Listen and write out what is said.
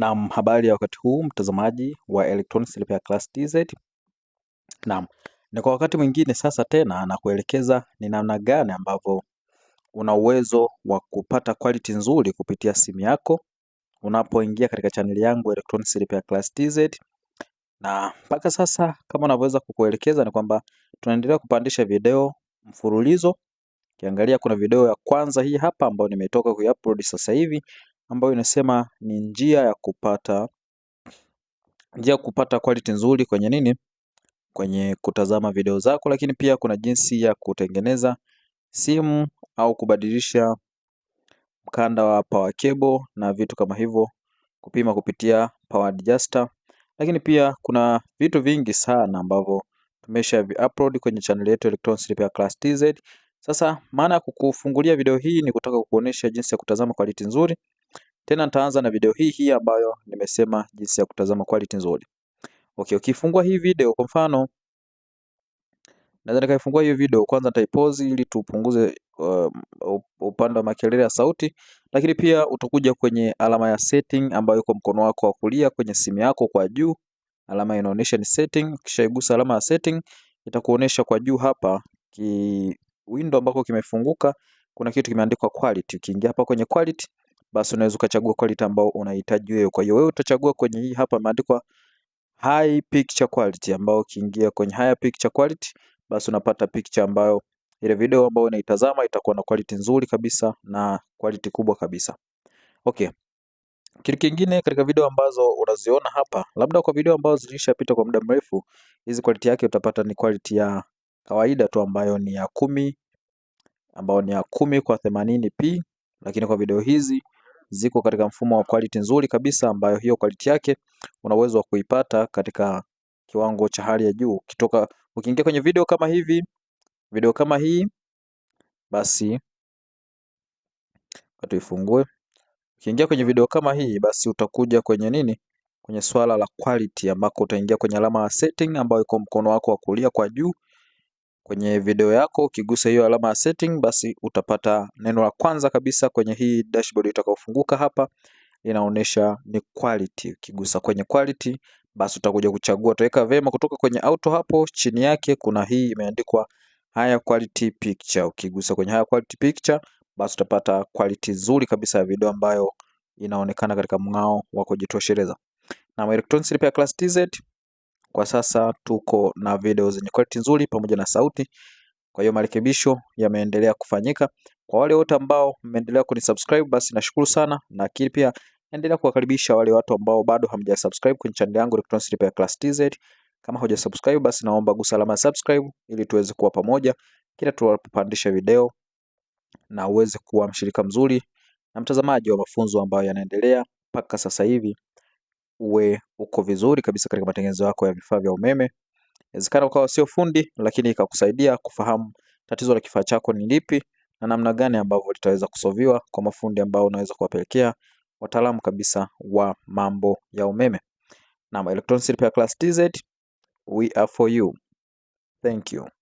Naam, habari ya wakati huu mtazamaji wa Electronics Repair Class TZ. Naam, ni kwa wakati mwingine sasa tena na kuelekeza ni namna gani ambavyo una uwezo wa kupata quality nzuri kupitia simu yako unapoingia katika chaneli yangu Electronics Repair Class TZ. Na mpaka sasa kama unavyoweza kukuelekeza ni kwamba tunaendelea kupandisha video mfululizo. Ukiangalia kuna video ya kwanza hii hapa ambayo nimetoka kuiupload sasa hivi ambayo inasema ni njia ya kupata njia ya kupata quality nzuri kwenye nini, kwenye kutazama video zako, lakini pia kuna jinsi ya kutengeneza simu au kubadilisha mkanda wa power cable na vitu kama hivyo, kupima kupitia power adjuster. Lakini pia kuna vitu vingi sana ambavyo tumesha upload kwenye channel yetu Electronics Repair Class TZ. Sasa maana ya kukufungulia video hii ni kutaka kukuonesha jinsi ya kutazama quality nzuri tena nitaanza na video hii hii ambayo nimesema jinsi ya kutazama quality nzuri. Okay, ukifungua hii video kwa mfano naweza nikaifungua hiyo video kwanza, nitaipozi ili tupunguze uh, upande wa makelele ya sauti, lakini pia utakuja kwenye alama ya setting ambayo iko mkono wako wa kulia kwenye simu yako kwa juu, alama inaonyesha ni setting. Ukishaigusa alama ya setting, itakuonyesha kwa juu hapa ki window ambako kimefunguka, kuna kitu kimeandikwa quality. Ukiingia hapa kwenye quality basi unaweza ukachagua quality ambao unahitaji wewe. Kwa hiyo wewe utachagua kwenye hii hapa imeandikwa high picture quality, ambao ukiingia kwenye high picture quality, basi unapata picture ambayo ile video ambayo unaitazama itakuwa na quality nzuri kabisa na quality kubwa kabisa. Okay. Kitu kingine katika video ambazo unaziona hapa, labda kwa video ambazo zilishapita kwa muda mrefu, hizi quality yake utapata ni quality ya kawaida tu ambayo ni ya kumi, ambayo ni ya kumi kwa 80p, lakini kwa video hizi ziko katika mfumo wa quality nzuri kabisa, ambayo hiyo quality yake una uwezo wa kuipata katika kiwango cha hali ya juu. Kitoka ukiingia kwenye video kama hivi, video kama hii, basi tuifungue. Ukiingia kwenye video kama hii, basi utakuja kwenye nini, kwenye swala la quality, ambako utaingia kwenye alama ya setting ambayo iko mkono wako wa kulia kwa juu kwenye video yako, ukigusa hiyo alama ya setting, basi utapata neno la kwanza kabisa kwenye hii dashboard itakayofunguka hapa inaonyesha ni quality. Ukigusa kwenye quality, basi utakuja kuchagua, utaweka vema kutoka kwenye auto. Hapo chini yake kuna hii imeandikwa higher quality picture. Ukigusa kwenye higher quality picture, basi utapata quality nzuri kabisa ya video ambayo inaonekana katika mng'ao wa kujitosheleza. Na Electronics Repair Class TZ kwa sasa tuko na video zenye quality nzuri pamoja na sauti, kwa hiyo marekebisho yameendelea kufanyika. Kwa wale wote ambao mmeendelea kunisubscribe, basi nashukuru sana, na lakini pia endelea kuwakaribisha wale watu ambao bado hamjasubscribe kwenye channel yangu Electronics Repair Class TZ. Kama hujasubscribe basi naomba gusa alama ya subscribe ili tuweze kuwa pamoja kila tunapopandisha video na uweze kuwa mshirika mzuri na mtazamaji wa mafunzo ambayo yanaendelea mpaka sasa hivi uwe uko vizuri kabisa katika matengenezo yako ya vifaa vya umeme. Inawezekana ukawa sio fundi, lakini ikakusaidia kufahamu tatizo la kifaa chako ni lipi na namna gani ambavyo litaweza kusoviwa kwa mafundi ambao unaweza kuwapelekea wataalamu kabisa wa mambo ya umeme. na Electronics Repair Class TZ, we are for you. Thank you.